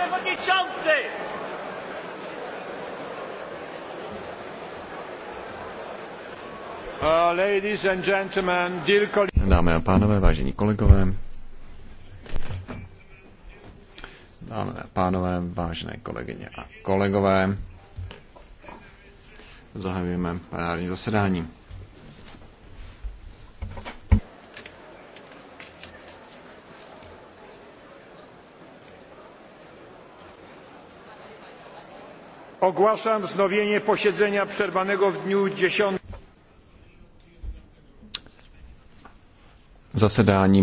przewodniczący! Uh, ladies and gentlemen, dear Dámy a pánové, vážení kolegové, dámy a pánové, vážené kolegyně a kolegové, zahajujeme parádní zasedání. Ogłaszam wznowienie posiedzenia przerwanego w dniu 10. Zasedání